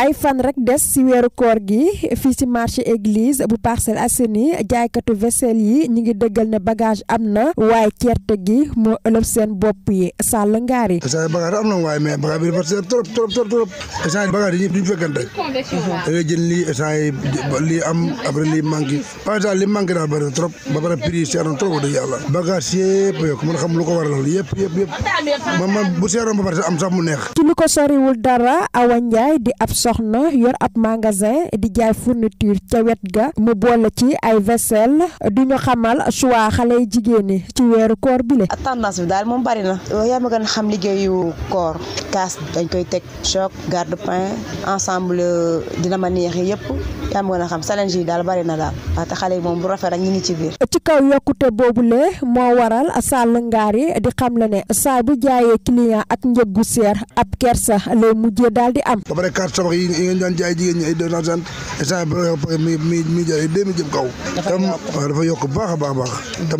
ay fan rek des ci weeru koor gi fii ci marché église bu Parcelles Assainies jaaykatu vaisselle yi ñu ngi dëggal ne bagage am na waaye certe gi moo ëlëb seen bopp yi sàll ngaar yi sa bagage am na waaye mais bagage bi dafa seer trop trop trop yi duñu jël lii essange lii am après lii manqué par exemple li manqué daal bëri trop ba pare prix seer na trop wax yàlla bagage yëpp yokk mën xam lu ko waral yëpp yëpp yëpp man man bu seeroon ba pare am sax mu neex ci lu ko soriwul dara Awa di ab na yor ab magasin di jaay fourniture ca wet ga mu boole ci ay vaisselle du ñu xamal choix xale jigéen ñi ci weeru koor bi le tendance bi daal moom bari na yaa ma gën a xam liggéeyu koor kaas dañ koy teg choc garde pain ensemble euh, dina ma neex yëpp yaa ma gën a xam challenge yi na daal waaw te xale yi moom bu rafet rek ñu ngi ci biir. ci kaw yokkute boobule moo waral Sall Ngari di xam la ne saa bu jaayee client ak njëg seer ab kersa lay mujjee daal di am. ba pare carte tabax yi ngeen daan jigéen ñi a baax a baax. Mm-hmm. te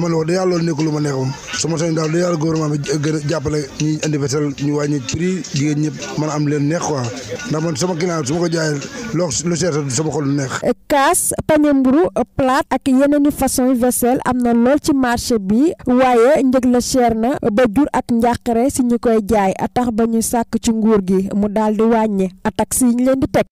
man a a am leen neex quoi ndax man sama client su ko jaayee loo lu seer sama xol neex. kaas pañe mburu plate ak yeneen i façon vaisselle am na lool ci marché bi waaye njëg la cher na ba jur ak njàqare si ñu koy jaay tax ba ñu sàkk ci nguur gi mu dal di wàññi tax yi ñu leen di teg.